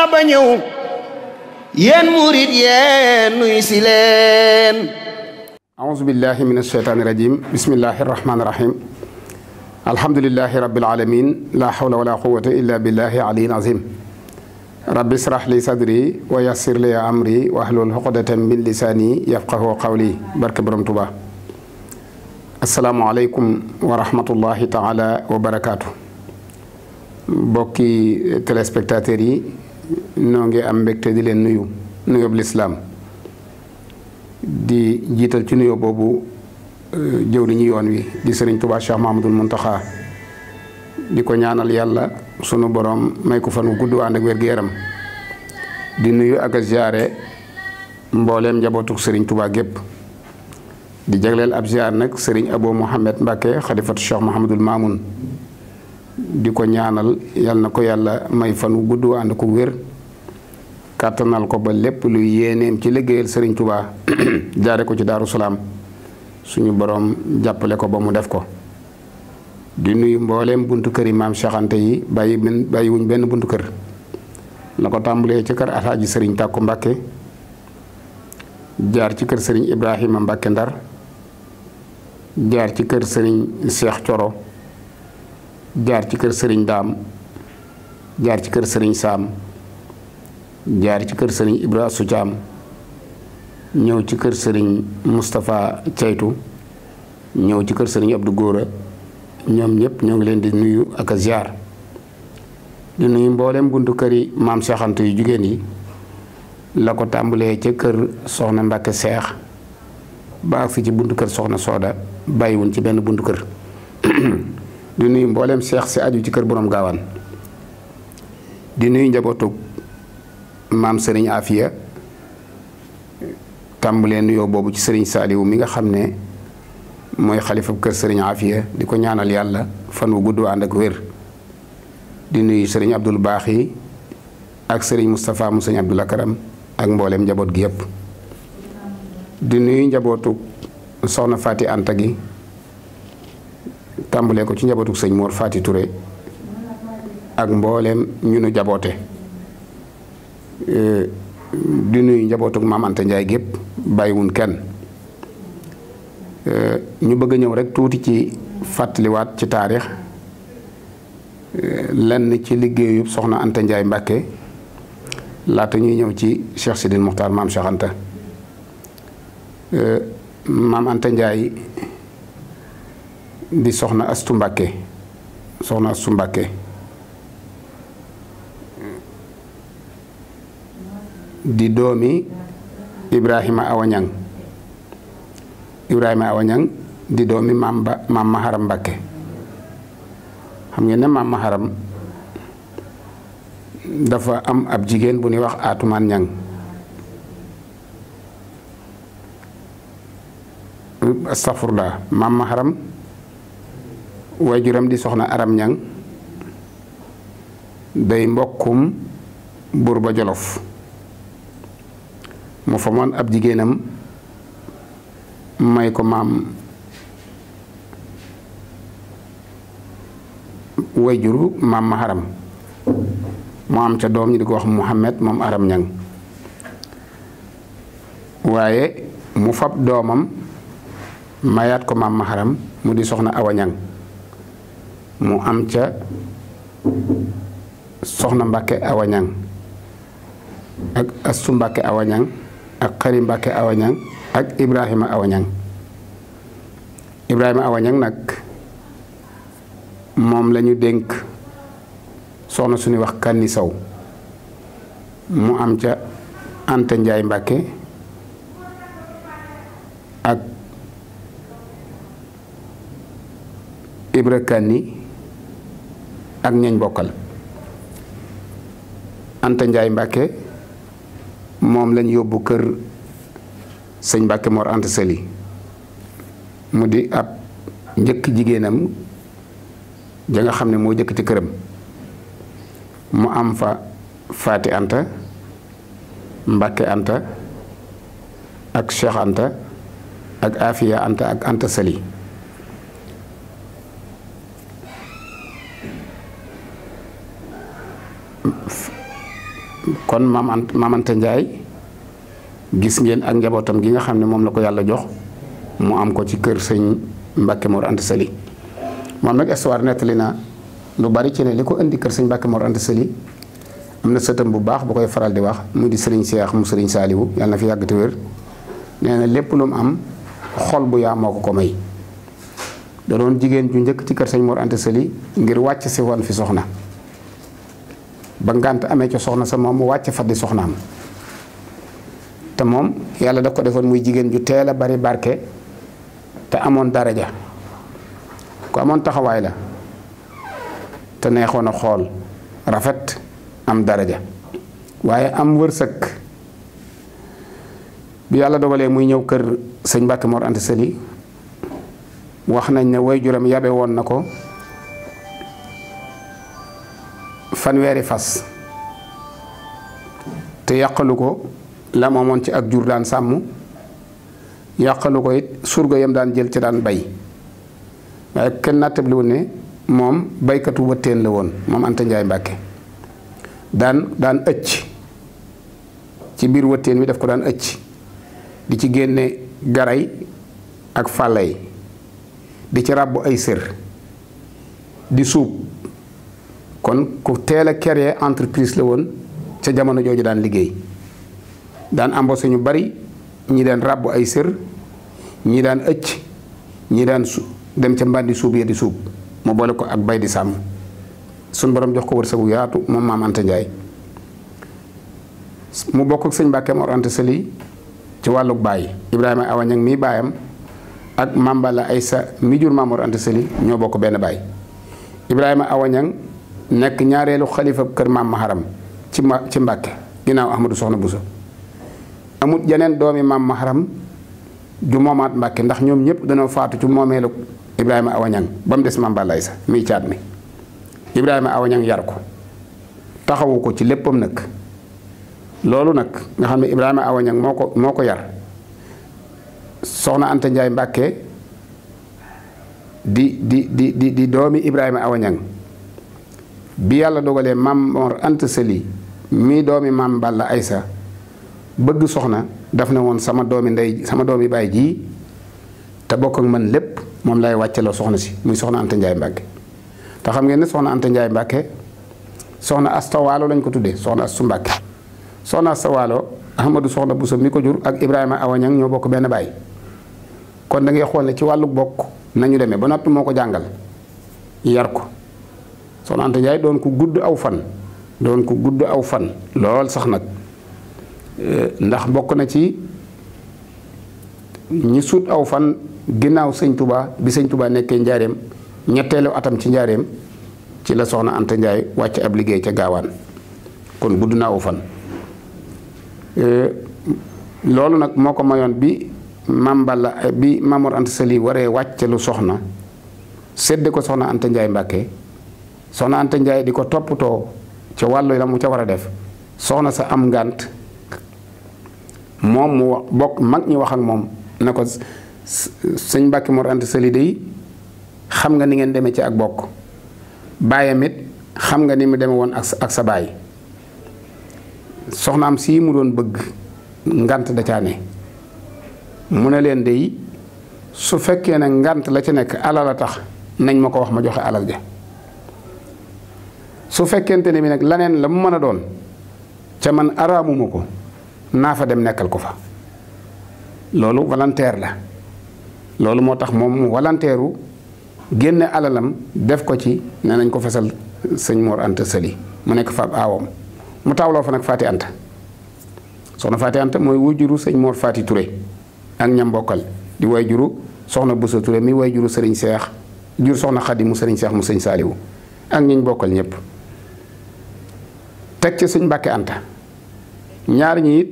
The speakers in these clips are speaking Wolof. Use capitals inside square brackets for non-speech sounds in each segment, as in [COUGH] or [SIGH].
na ba ñëw yéen murit yéen nuy si leen aouzu billahi min asheytaani rajim bismillahi arrahmani irrahim alhamdulilahi rabbil alamin la hawla wala quwata illa billahi aliyin azim rabbi israh li sadri wa yassir li amri wa ahlul uqdatan min lisani yafqahu qawli barke borom Tuba asalaamualeykum wa rahmatullahi taala wa barakaatu mbokki téléspectateurs yi noo ngi am mbégte di leen nuyu nuyoob lislaam di jiital ci nuyoo boobu euh, jëw li ñu yoon wi di sëriñ Tuubaa Cheikh Mahamadul Muntaxa di ko ñaanal yàlla sunu borom may ko fanu guddi gudd ànd ak wér yaram di nuyu ak a ziyaare mbooleem njabootuk sëriñ tubaa gépp di jagleel ab ziyaar nag sëriñ Abo Mohamed Mbacke xalifatu Cheikh Mahamadul Mamoun di ko ñaanal yal na ko yàlla may fan wu gudd ànd ko wér kàttanal ko ba lépp luy yéeneem ci liggéeyal sëriñ tubaa [CLEARS THROAT] jaare ko ci Daaru Salaam suñu boroom jàppale ko ba mu def ko di nuyu mbooleem buntu kër yi maam Cheikh yi bàyyi benn bàyyiwuñ benn buntu kër na ko tàmbalee ci kër Alaaji Serigne Tàkku Mbàkke jaar ci kër sëriñ Ibrahima Mbàkke Ndar jaar ci kër sëriñ Cheikh Coro jaar ci kër sëriñ daam jaar ci kër sëriñ saam jaar ci kër sëriñ ibra sucaam ñëw ci kër sëriñ mustafa caytu ñëw ci kër sëriñ Abdou Góora ñoom ñëpp ñoo ngi leen di nuyu ak a ziar di nuyu mbooleem buntu kër yi maam Cheikh yu jigéen yi la ko tàmbalee ca kër soxna Mbacke seex ba agsi ci buntu kër soxna Sooda bàyyiwuñ ci benn buntu kër [CLEARS THROAT] di nuyu mbooleem seex si aju ci kër borom gaawaan di nuyu njabootug maam sëriñ Afia tàmbalee nuyoo boobu ci sëriñ Saaliwu mi nga xam ne mooy xalifa kër sëriñ Afia di ko ñaanal yàlla fan wu gudd ànd ak wér di nuyu sëriñ Abdul Baax yi ak sëriñ Moustapha mu sëriñ Abdul Akaram ak mbooleem njaboot gi yépp di nuyu njabootu soxna Faati Anta gi tàmbalee ko ci njabootu sëñ moor faati ture ak mbooleem ñu nu jaboote di nuyu njabootuk maam Anta Ndiaye gépp bàyyiwun kenn ñu bëgg a ñëw rek tuuti ci fàttaliwaat ci taarix lenn ci liggéeyu soxna Anta Ndiaye Mbàkke laata ñuy ñëw ci Cheikh Sidil Mokhtar maam Cheikh maam Anta Ndiaye di soxna Astu Mbàkke soxna di doomi Ibrahima Awañang Ibrahima Awañang di doomi maam Maharam Mbàkke xam ngeen maam Maharam dafa am ab jigéen bu ñuy wax Atumaan Ñang astafurlah maam Maharam juram di soxna aram ñang day mbokkum buur ba jolof mu famoon ab jigéenam may ko maam wayjuru maam ma haram mu am ca doom ñu di ko wax Muhammad moom aram ñang waaye mu fab doomam mayaat ko maam ma haram mu di soxna awa ñang mu am ca soxna Mbàkke awañang ak astu Mbàkke awañang ak xari Mbàkke awañang ak Ibrahima awañang Ibrahima awañang nag moom lañu dénk soxna suñu wax kanni saw mu am ca Anta Njaay Mbàkke ak Ibra Kani ak ñañ bokkal Anta Ndiaye Mbacke moom lañ yóbbu kër sëñ Mbacke Mor Anta Sali mu di ab njëkk jigéenam ja xam ne moo jëkk ci këram mu am fa Faati Anta Mbacke Anta ak Cheikh Anta ak Afia Anta ak Anta Sali kon maam Anta maam gis ngeen ak njabootam gi nga xam ne moom la ko yàlla jox mu am ko ci kër sëñ Mbacke moor Anta Sali moom nag histoire nettali na lu bari ci ne li ko indi kër sëñ Mbacke Mor Anta Sali am na sëtam bu baax bu koy faral di wax mu di sëriñ Seex mu sëriñ Saaliwu yàlla na fi yàgg te wér nee na lépp lu am xol bu yaa ko ko may da doon jigéen ju njëkk ci kër sëñ Mor Anta Sali ngir wàcc si woon fi soxna. ba ngànt amee ca soxna sa moom mu wàcc fa di soxnaam te moom yàlla da ko defoon muy jigéen ju teel a bari barke te amoon daraja ku amoon taxawaay la te neexoon a xool rafet am daraja waaye am wërsëg bu yàlla dogalee muy ñëw kër sëñ Mbàkke moor Anta Sali wax nañ ne waajuram yabe woon na ko fanweeri fas te yàqalu ko la moomoon ci ak jur daan sàmm yàqalu ko it surga yam daan jël ci daan bay waaye kenn nattabliwul ne moom baykatu wëtteen la woon moom Anta Njaay Mbàkke daan daan ëcc ci biir wëttéen wi daf ko daan ëcc di ci génne garay ak fàllay di ci ràbbu ay sér di suub kon ku teel a créer entreprise la woon ca jamono jooju daan liggéey daan embauché ñu bari ñi daan ràbbu ay sër ñi daan ëcc ñi daan su dem ca mbandi suub ya di suub mu boole ko ak bay di sàmm suñ borom jox ko wërsëgu yaatu moom maam Anta Ndiaye mu bokk ak sëñ Mbàkke Mor Anta Sali ci wàlluk baay Ibrahima Awañang mii baayam ak Mame ay sa mi jur Maam Mor Anta Sali ñoo bokk benn baay Ibrahima Awañang nekk ñaareelu xalifa kër maam maharam ci ma ci Mbàkke ginnaaw Ahmadou Soxna buso amut jeneen doomi maam maharam ju moomaat Mbàkke ndax ñoom ñëpp dañoo faatu ci moomeelu Ibrahima Awañang ba mu des maam Balaay sa caat mi Ibrahima Awañang yar ko taxawu ko ci léppam nag loolu nag nga xam ne Ibrahima Awañang moo ko moo ko yar soxna Anta Njaay Mbàkke di di di di di doomi Ibrahima Awañang bi yàlla dogalee maam Mor Anta Sali mii doomi maam Balla Aysa bëgg soxna daf na woon sama doomi ndey sama doomi baay ji te bokk man lépp moom lay wàcce la soxna si muy soxna Anta Ndiaye Mbacke te xam ngeen ne soxna Anta Ndiaye Mbacke soxna Asta Waalo lañ ko tuddee soxna Astu Mbacke soxna Asta Waalo Ahmadou soxna bu Bousso mi ko jur ak Ibrahima Awañang ñoo bokk benn baay kon da ngay xool ne ci wàllu bokk nañu demee ba noppi moo ko jàngal yar ko. soxna Anta doon ko gudd aw fan doon ko gudd aw fan lool sax nag eh, ndax bokk na ci ñi suut aw fan ginnaaw sëñ Touba bi sëñ Touba nekkee njaareem ñetteelu atam ci njaareem ci la soxna Anta Ndiaye wàcc ab liggéey ca gaawaan kon gudd na aw fan eh, loolu nag moo ko mayoon bi Maam Balla bi Mamoor Anta waree wàcce soxna sédde ko soxna Anta Ndiaye Mbàkke soxna Anta Ndiaye di ko toppatoo ca wàllu la mu ca war a def soxna sa am ngànt moom mu wax bokk mag ñi wax ak moom na ko sëñ Mbàkke Mor Anta Sali dey xam nga ni ngeen demee ci ak bokk baayam it xam nga ni mu deme woon ak sa baay soxnaam sii mu doon bëgg ngant da caa mu ne leen dey su fekkee ne ngànt la ci nekk alal a tax nañ ma ko wax ma joxe alal ja su fekkente ne bi nag laneen la mu mën a doon ca man araamuma ko naa fa dem nekkal ko fa loolu volontaire la loolu moo tax moom mu volontaire u génne alalam def ko ci ne nañ ko fasal sëñ moor Anta Sali mu nekk fa aawam mu tawloo fa nag Faati Anta soxna Faati Anta mooy wajuru sëñ Mor Faati ture ak ñam bokkal di juru soxna ture Touré mi juru sëriñ Seex jur soxna Xadi mu sëriñ Seex mu sëñ Saaliwu ak ñiñ bokkal ñëpp teg ci sëñ Mbàkke Anta ñaar ñi it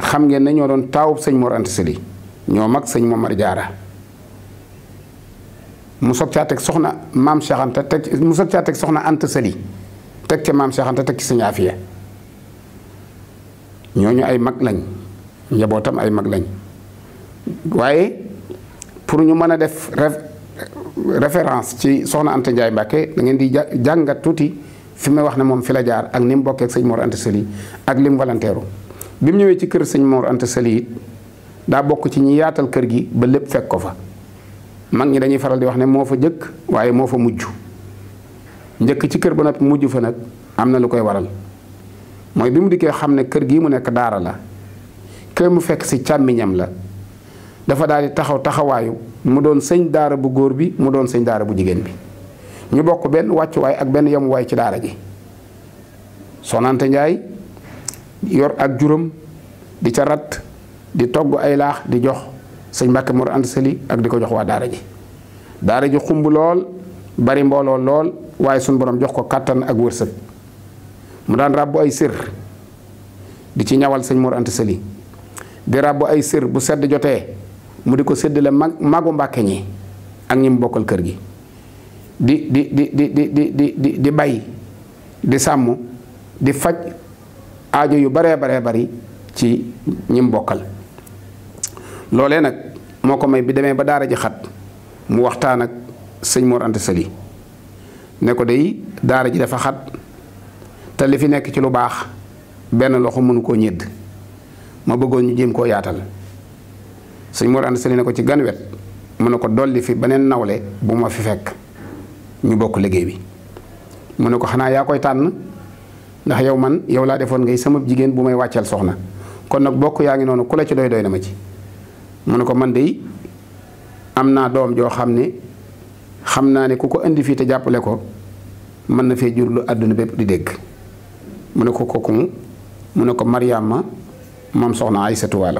xam ngeen ne ñoo doon taawub sëñ Mor Anta Sali ñoo mag sëñ Momar Jaara mu soog caa teg soxna maam Cheikh Anta teg mu soog caa teg soxna Anta teg ca maam Cheikh teg ci sëñ Afiya ñooñu ay mag lañ njabootam ay mag lañ waaye pour ñu mën a def référence ci soxna Anta Ndiaye Mbàkke da ngeen di jàngat tuuti. fi may wax ne moom fi la jaar ak ni mu bokkee ak sëñ Mor Anta ak li mu bi mu ñëwee ci kër sëñ Mor Anta daa bokk ci ñu yaatal kër gi ba lépp fekk ko fa mag ñi dañuy faral di wax ne moo fa jëkk waaye moo fa mujj njëkk ci kër ba noppi mujj fa nag am na lu koy waral mooy bi mu dikkee xam ne kër gi mu nekk daara la kër mu fekk si càmmiñam la dafa daal taxaw taxawaayu mu doon sëñ daara bu góor bi mu doon sëñ daara bu jigéen bi ñu bokk benn wàccuwaay ak benn yamuwaay ci daara ji sonante njaay yor ak juróom di ca rat di togg ay laax di jox sëñ Mbàkke Mor Anta Sali ak di ko jox waa daara ji daara ji xumb lool bari mbooloo lool waaye suñ borom jox ko kàttan ak wërsëg mu daan ràbbu ay sër di ci ñawal sëñ Mor Anta Sali di ràbbu ay sër bu sedd jotee mu di ko séddale mag magu mbàkke ñi ak ñi mu bokkal kër gi di di di di di di di bay di sàmm di faj aajo yu baree baree bari ci ñim bokkal loole nag moo ko may bi demee ba daara ji xat mu waxtaan ak sëñ Mor ànt Sali ne ko dey daara ji dafa xat te li fi nekk ci lu baax benn loxo mënu koo ñedd ma bëggoon ñu jéem koo yaatal sëñ Mor Anta Sali ne ko ci gan wet mu ne ko dolli fi beneen nawle bu ma fi fekk ñu bokk liggéey bi mu ne ko xanaa yaa koy tànn ndax yow man yow laa defoon ngay sama jigéen bu may wàcceel soxna kon nag bokk yaa ngi noonu ku la ci doy doy na ma ci mu ne ko man de am naa doom joo xam ne xam naa ne ku ko indi fii te jàppale ko mën na fee jurlu àdduna bépp di dégg mu ne ko kooku mu ne ko mariyam ma moom soxna Aysatu Wàll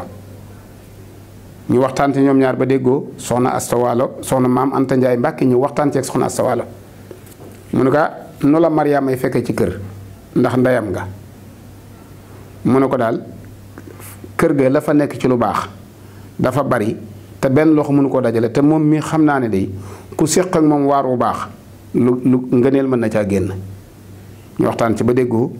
ñu waxtaan ci ñoom ñaar ba déggoo soxna Asta Waalo soxna maam Anta Ndiaye Mbàkke ñu waxtaan ci ak soxna Asta Waalo mu ah, la Mariama ay fekkee ci kër ndax ndeyam nga mu ne ko daal kër ga la fa nekk ci lu baax dafa bari te benn loxo mënu koo dajale te moom mi xam naa ne day ku séq ak moom waar wu baax lu lu ngëneel mën na caa génn ñu waxtaan ci ba déggoo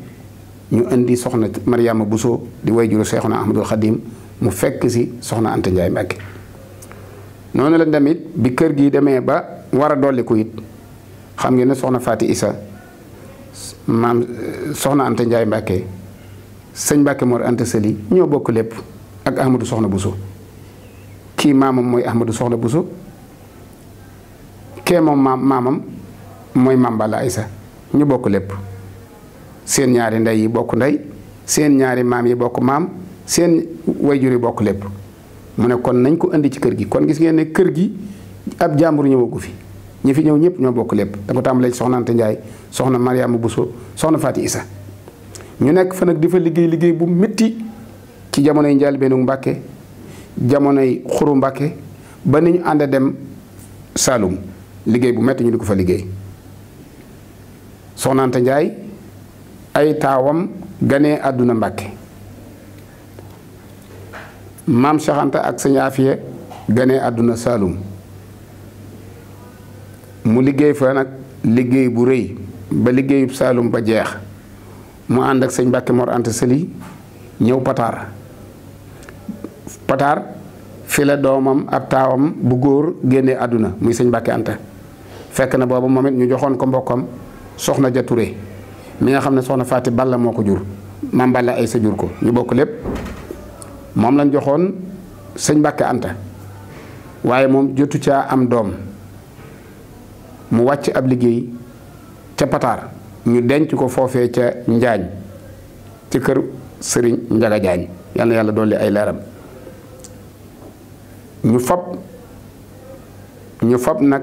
ñu indi soxna Mariama Bousso di way juru Seexuna Ahmadul Xadim mu fekk si soxna Anta Ndiaye Mbacke noonu la tamit bi kër gi demee ba war a dolliku it xam ngeen ne soxna Faati Isa maam soxna Anta Ndiaye Mbacke sëñ Mbacke Mor Anta Sali ñoo bokk lépp ak Ahmadou Soxna Bousso kii maamam mooy Ahmadou Soxna Bousso kee moom maam maamam mooy Maam Balla Aysa ñu bokk lépp seen ñaari ndey yi bokk ndey seen ñaari maam yi bokk maam. seen wayjur yi bokk lépp mu ne kon nañ ko indi ci kër gi kon gis ngeen ne kër gi ab jàmbur ñëwagu fi ñi fi ñëw ñëpp ñoo bokk lépp da ko tàmbalee ci soxna Anta Ndiaye soxna Mariama Bousso soxna Faati ñu nekk fa nag di liggéey liggéey bu métti ci jamonoy njëlbeenu Mbàkke jamonoy xuru Mbàkke ba ni dem Saalum liggéey bu métti ñu di ko fa liggéey soxna Anta ay taawam ganee àdduna Mbàkke maam Cheikh ak sëñ Afia ganee àdduna Saalum mu liggéey fa nag liggéey bu rëy ba liggéeyub Saalum ba jeex mu ànd ak sëñ Mbàkke Mor Anta Sali ñëw Pataar Pataar fi la doomam ab taawam bu góor génnee àdduna muy sëñ Mbàkke Anta fekk na boobu moom it ñu joxoon ko mbokkam soxna ja Touré mi nga xam ne soxna Faati Balla moo ko jur maam Balla ay sa jur ko ñu bokk lépp moom lañ joxoon sëñ Mbàkke Anta waaye moom jotu ca am doom mu wàcc ab liggéey ca pataar ñu denc ko foofee ca njaañ ci kër sëriñ njaga jaañ yal na yàlla dolli ay leeram ñu fab ñu fab nag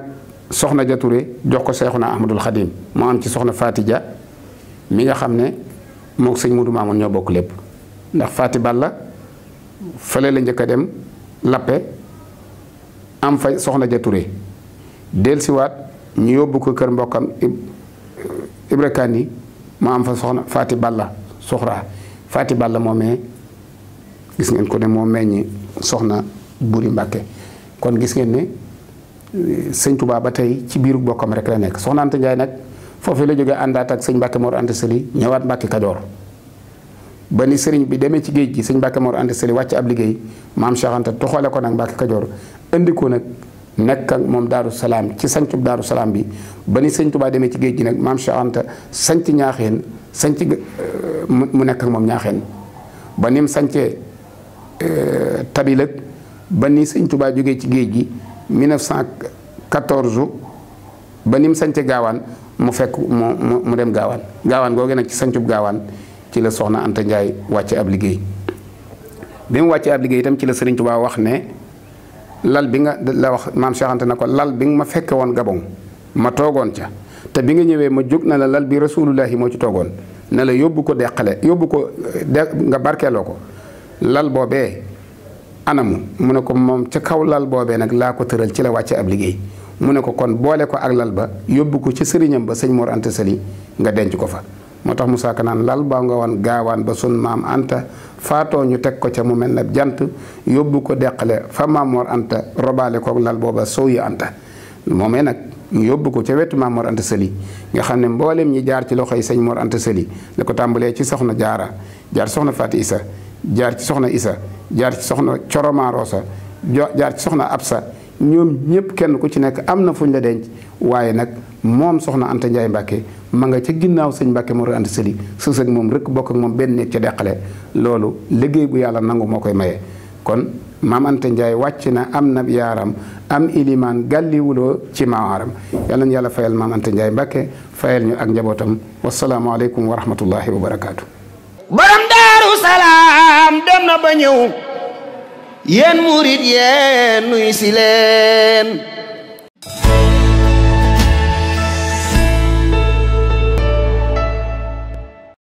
soxna ja jox ko Seexuna Ahmadul Xadim moo am ci soxna Faati Ja mi nga xam ne mook sëñ Mudu Maamun ñoo bokk lépp ndax Faati Balla fële la njëkk a dem lappe am fa soxna ja Touré dellusiwaat ñu yóbbu ko kër mbokkam Ibra Kani moo am fa soxna Fati Balla soxraa Fati Balla moomee gis ngeen ko ne moo meññi soxna Buri Mbàkke kon gis ngeen ne sëñ Tuubaa ba tey ci biiru bokkam rek la nekk soxna Anta Njaay nag foofee la jógee àndaat ak sëñ Mbàkke Mor Anta Sali ñëwaat Mbàkke Kajoor ba ni sëriñ bi demee ci géej gi sëñ Mbàkke Mor Anta Sali wàcc ab liggéey maam Cheikh Anta toxale ko nag Mbàkke Kajoor indi ko nag nekk moom daaru salaam ci sancub daaru salaam bi ba ni sëñ Tuubaa demee ci géej gi nag maam Cheikh Anta sanc ñaaxeen sanc euh, mu nekk ak moom ñaaxeen ba ni mu euh, ba ni sëñ jógee ci géej gi 1914 ba ni mu sancee gaawaan mu fekk mu mu dem gaawaan gaawaan googu nag ci sancub gaawaan ci la soxna Anta Ndiaye wàcce ab liggéey bi mu wàccee ab liggéey itam ci la Serigne waa wax ne lal bi nga la wax maam Cheikh Anta na ko lal bi nga ma fekke woon Gabon ma toogoon ca te bi nga ñëwee ma jóg na la lal bi rasulullahi moo ci toogoon na la yóbbu ko deqale yóbbu ko eh, de nga barkeeloo ko lal boobee anamu mu ne ko moom ca kaw lal boobee nag laa ko tëral ci la wàcce ab liggéey mu ne ko kon boole ko ak lal ba yóbbu ko ci sëriñam ba sëñ Mor Anta Sali nga denc ko fa moo tax Moussa Ka naan lal baa nga woon gaawaan ba sun maam Anta faatoo ñu teg ko ca mu mel na jant yóbbu ko deqale fa Mamor Anta robaale kook lal booba sow yi Anta moomee nag ñu yóbbu ko ca wetu Mamor Anta Sëli nga xam ne mboolem ñi jaar ci loxo yi sëñ Mor Anta Sëli la ko tàmbalee ci soxna jaara jaar ci soxna faat Isa jaar ci soxna Isa jaar ci soxna Coromaa Rosa jaar ci soxna Absa ñoom ñëpp kenn ku ci nekk am na fuñ la denc waaye nag moom soxna Anta Ndiaye Mbacke ma nga ca ginnaaw sëñ Mbacke moo doon Anta Sëli sës moom rek bokk ak moom benn nekk ca deqale loolu liggéey bu yàlla nangu moo koy maye. kon maam Anta Ndiaye wàcc na am na yaaram am ilimaan gàlliwuloo ci maaram yàlla na yàlla fayal maam Anta Ndiaye Mbacke fayal ñu ak njabootam wasalaamaaleykum wa rahmatullahi wa barakaatu. borom daaru salaam dem na ba ñëw. yéen murit yéen nuy si leen